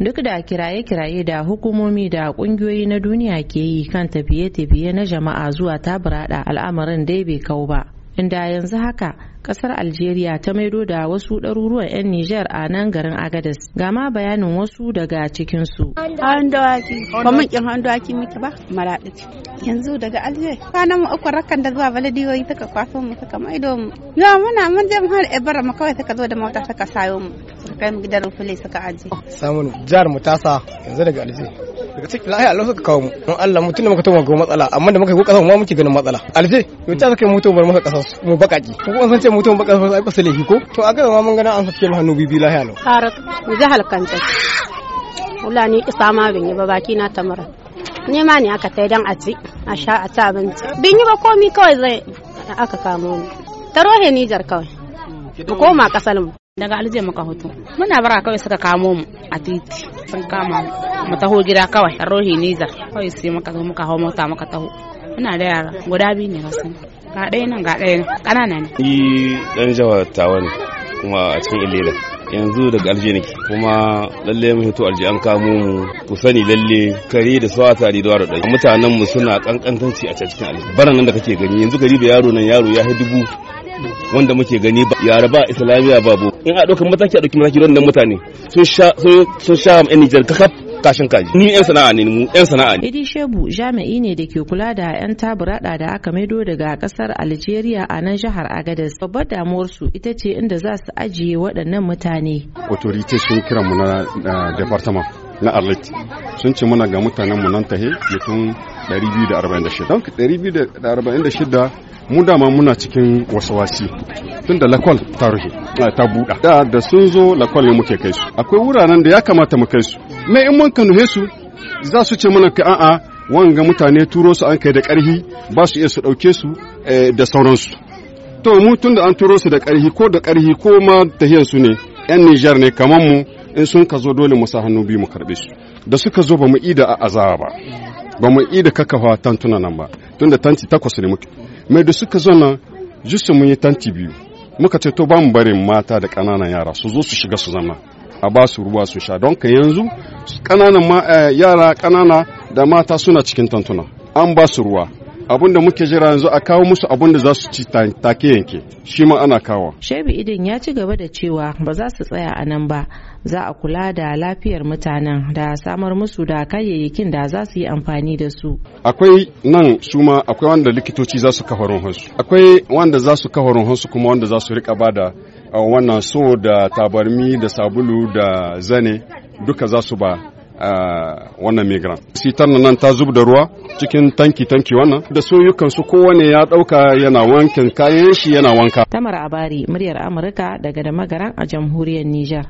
duk da kiraye-kiraye da hukumomi da kungiyoyi na duniya ke yi kan tafiye-tafiye na jama'a zuwa ta al'amarin dai bai kau ba inda yanzu haka kasar algeria ta maido da wasu ɗaruruwan 'yan niger a nan garin agadas ga ma bayanin wasu daga cikinsu handawaki muke ba maraɗi yanzu daga alje kwanan mu uku rakan da zuwa baladiyoyi suka kwaso mu suka maido mu yawa muna mun je mu har ebara mu kawai suka zo da mota suka sayo mu suka kai mu gidan rufule suka aje samun jihar mu tasa yanzu daga alje daga cikin lahiya Allah ka kawo mu don Allah mutum da muka tuma ga matsala amma da muka yi kasa mu muke ganin matsala alje mu ta kai mutum bar masa kasa mu bakaki ko kuma san ce mutum bakar kasa ai fasa laifi ko to a ga ma mun gana an sake mu hannu bibi lahiya lau harat mu jahal kanta wala ni isa ma bin yi ba baki na tamara nema ne aka tai dan a ci a sha a ta abinci bin yi ba komi kawai zai aka kamo ni ta rohe Nijar kawai mu koma kasar mu daga alje Maka hoto muna bara kawai suka kamo mu a titi sun kama mu taho gida kawai a rohi niza kawai sai muka zo muka hau mota muka taho muna da yara guda biyu ne sun ga ɗaya nan ga ɗaya ƙanana ne ni ɗan jawar tawa ne kuma a cikin ilila yanzu daga alje nake kuma lalle mu hito alje an kamo mu ku sani lalle kare da suwa tare da dai mutanen mu suna kankantanci a cikin alje baran nan da kake gani yanzu gari da yaro nan yaro ya dubu wanda muke gani ba yara ba islamiya babu in a ɗaukar mataki a ɗauki mataki don nan mutane sun sha sun sha yan nijar kakaf kashin kaji ni yan sana'a ne mu yan sana'a ne idi shebu jami'i ne da ke kula da yan taburada da aka maido daga kasar algeria a nan jihar agadez babbar damuwar su ita ce inda za su ajiye waɗannan mutane authority sun kira mu na eh, department na arlit sun ce muna ga mutanen mu nan tahe mutum 246 don 246 mu dama muna cikin wasawasi tun da lakwal ta rufe ta buɗa da da sun zo lakwal ne muke kai su akwai wuraren da ya kamata mu kai su mai in mun kanuhe su za su ce mana ka a'a wanga mutane turo su an kai da ƙarhi ba su iya su ɗauke su eh, da sauransu to mu tun da an turo su da ƙarhi ko da ƙarhi ko ma tahiyar su ne 'yan Nijar ne kamar mu in sun ka zo dole mu sa hannu biyu mu karɓe su da suka zo ba mu ida a azaba ba ba mu yi da kakafa tantuna nan ba tunda tanti takwas ne muke mai da suka zo nan jisu mun yi tanti biyu muka ce to ba mu barin mata da ƙananan yara su zo su shiga su zama a ba su ruwa su sha don ka yanzu ƙananan eh, yara ƙanana da mata suna cikin tantuna an ba su ruwa abin da muke jira yanzu a kawo musu abun da za su ci take yanke shi ma ana kawo. Shebi Idin ya ci gaba da cewa ba za su tsaya a nan ba za a kula da lafiyar mutanen da samar musu da kayayyakin da za su yi amfani da su akwai nan suma akwai wanda likitoci za su kafa su. akwai wanda za su kafa su kuma wanda za su rika bada wannan so da tabarmi da sabulu da zane duka za su ba wannan migrant sitar nan ta zub da ruwa cikin tanki tanki wannan da soyukan su kowane ya dauka yana wankin kayan shi yana wanka tamar abari muryar amurka daga da magaran a jamhuriyar niger